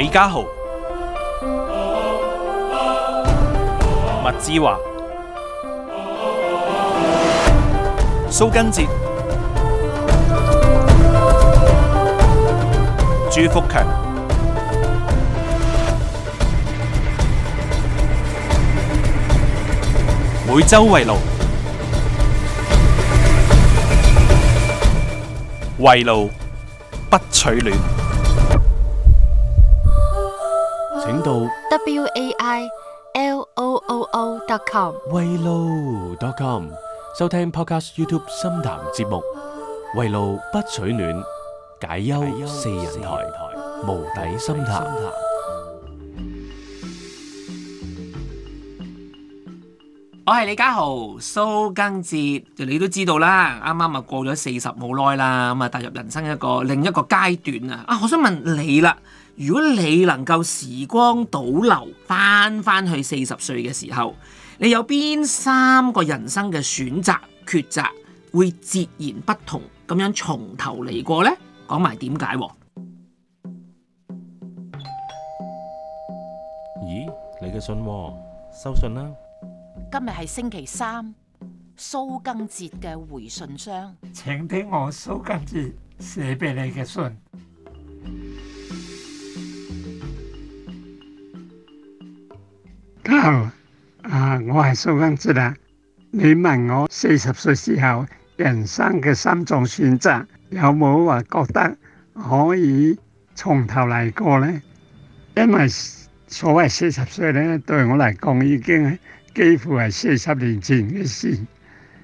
李家豪、麥志華、蘇賡哲、朱福強，每周圍爐，圍爐不取暖。到 wailoo.com，wayloo.com 收聽 Podcast YouTube 深談節目，圍爐不取暖，解憂四人台，無底深談。我係李家豪，蘇賡哲，就你都知道啦。啱啱啊過咗四十冇耐啦，咁啊踏入人生一個另一個階段啊！啊，我想問你啦。如果你能夠時光倒流，返返去四十歲嘅時候，你有邊三個人生嘅選擇抉擇會截然不同，咁樣從頭嚟過呢？講埋點解？咦，你嘅信、啊，收信啦、啊！今日係星期三，蘇賡哲嘅回信箱，請聽我蘇賡哲寫俾你嘅信。啊，我係蘇賡哲啦。你問我四十歲時候人生嘅三種選擇，有冇話覺得可以從頭嚟過呢？因為所謂四十歲咧，對我嚟講已經係幾乎係四十年前嘅事，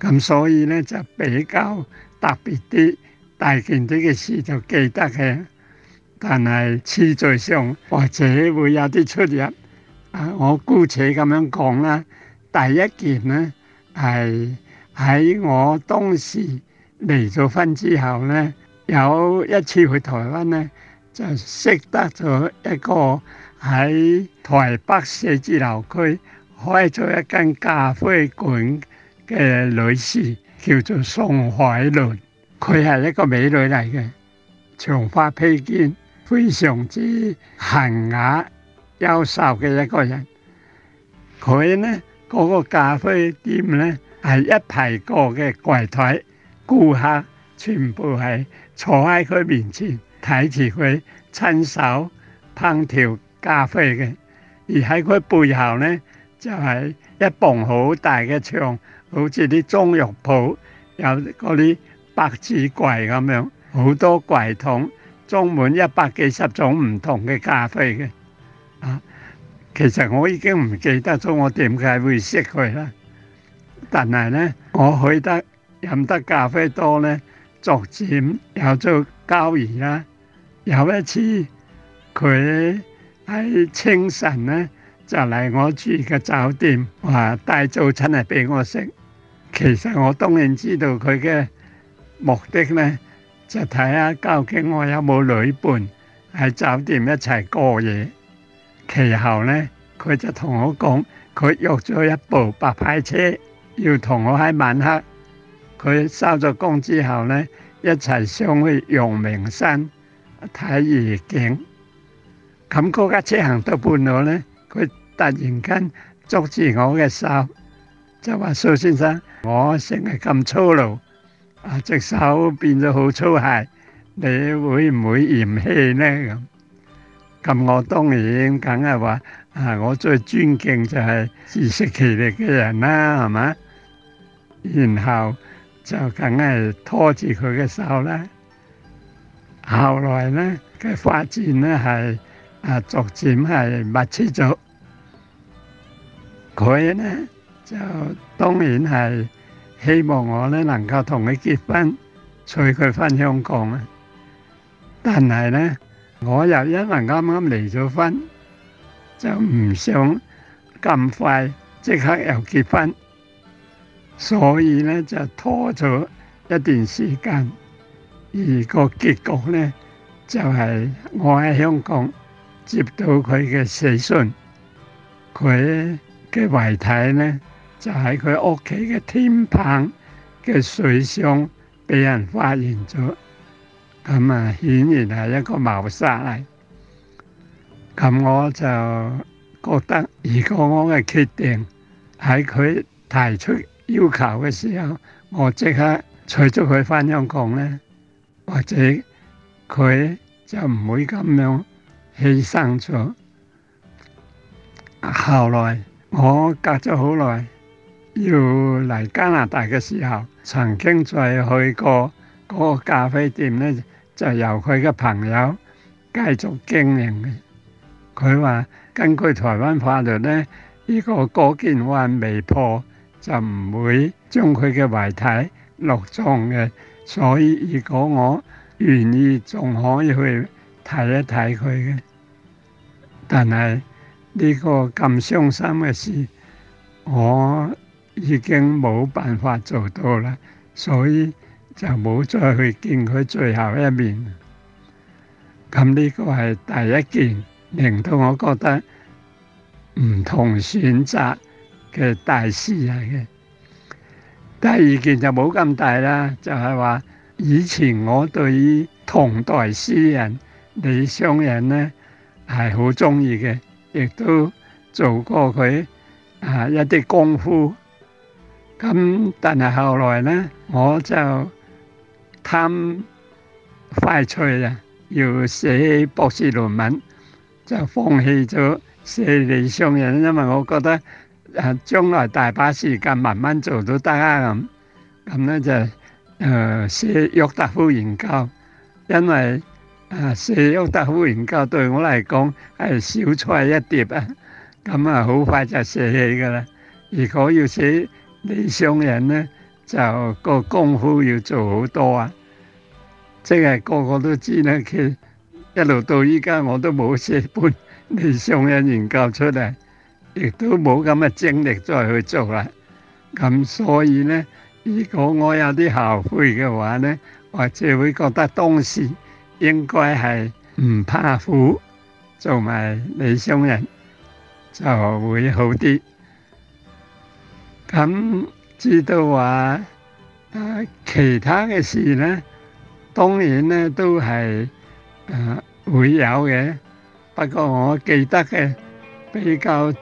咁所以呢，就比較特別啲、大件啲嘅事就記得嘅，但係次序上或者會有啲出入。我姑且咁樣講啦，第一件呢係喺我當時離咗婚之後呢，有一次去台灣呢，就識得咗一個喺台北市芝樓區開咗一間咖啡館嘅女士，叫做宋海倫，佢係一個美女嚟嘅，長髮披肩，非常之嫻雅。優秀嘅一個人，佢呢嗰、那個咖啡店呢係一排個嘅櫃台，顧客全部係坐喺佢面前睇住佢親手烹調咖啡嘅。而喺佢背後呢就係、是、一縴好大嘅牆，好似啲中藥鋪有嗰啲百子櫃咁樣，好多櫃桶裝滿一百幾十種唔同嘅咖啡嘅。其實我已經唔記得咗我點解會識佢啦。但係呢，我去得飲得咖啡多呢，逐漸有做交易啦。有一次佢喺清晨呢，就嚟我住嘅酒店，話帶早餐嚟俾我食。其實我當然知道佢嘅目的呢，就睇下究竟我有冇女伴喺酒店一齊過夜。其後呢，佢就同我講，佢約咗一部白牌車，要同我喺晚黑，佢收咗工之後呢，一齊上去陽明山睇夜景。咁嗰架車行到半路呢，佢突然間捉住我嘅手，就話蘇先生，我成日咁粗魯，啊隻手變咗好粗嚡，你會唔會嫌棄呢咁？咁我當然梗係話，啊！我最尊敬就係自食其力嘅人啦，係嘛？然後就梗係拖住佢嘅手咧。後來咧，佢發展咧係啊，逐漸係密切咗。佢咧就當然係希望我咧能夠同佢結婚，娶佢返香港啊。但係咧～我又因為啱啱離咗婚，就唔想咁快即刻又結婚，所以咧就拖咗一段時間。而個結局咧就係我喺香港接到佢嘅死訊，佢嘅遺體咧就喺佢屋企嘅天棚嘅水上俾人發現咗。咁啊，顯、嗯、然係一個謀殺嚟。咁、嗯、我就覺得，如果我嘅決定喺佢提出要求嘅時候，我即刻娶咗佢返香港咧，或者佢就唔會咁樣犧牲咗。後來我隔咗好耐，要嚟加拿大嘅時候，曾經再去過嗰個咖啡店咧。就由佢嘅朋友繼續經營嘅。佢話根據台灣法律咧，呢個嗰件案未破，就唔會將佢嘅遺體落葬嘅。所以如果我願意，仲可以去睇一睇佢嘅。但係呢個咁傷心嘅事，我已經冇辦法做到啦。所以。就冇再去見佢最後一面，咁呢個係第一件令到我覺得唔同選擇嘅大事嚟嘅。第二件就冇咁大啦，就係話以前我對於唐代詩人李商隱呢係好中意嘅，亦都做過佢啊一啲功夫。咁但係後來呢，我就～貪快脆啊！要寫博士論文就放棄咗寫李商隱，因為我覺得誒、啊、將來大把時間慢慢做都得啊！咁咁咧就誒寫郁達夫研究，因為誒寫郁達夫研究對我嚟講係小菜一碟啊！咁、嗯、啊好快就寫起噶啦。如果要寫李商隱咧。就個功夫要做好多啊！即係個個都知咧，佢一路到依家我都冇寫本，李商隱研究出嚟，亦都冇咁嘅精力再去做啦。咁所以咧，如果我有啲後悔嘅話咧，或者會覺得當時應該係唔怕苦，做埋李商隱就會好啲。咁。知道話，誒其他嘅事咧，當然咧都係誒會有嘅。不過我記得嘅比較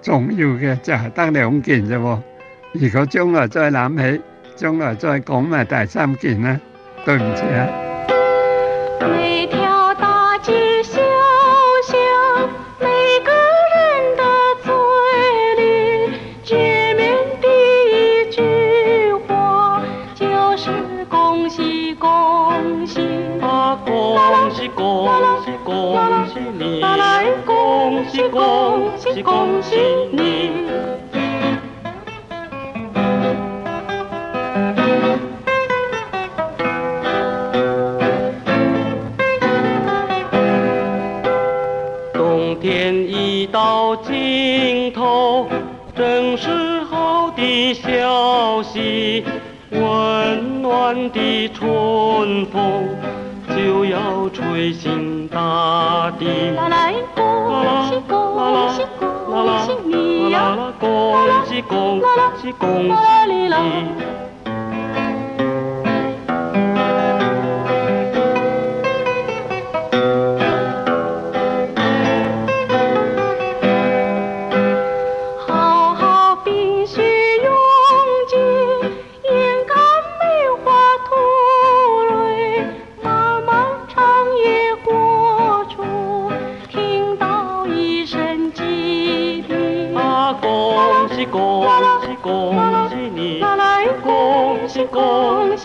重要嘅就係得兩件啫喎。如果將來再諗起，將來再講埋第三件咧，對唔住啊！恭喜恭喜，恭喜你！冬天一到盡頭，正是好的消息，溫暖的春風就要吹醒大地。恭喜！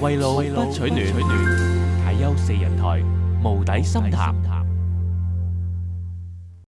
圍爐圍爐，取暖取暖，解憂四人台，無底深潭。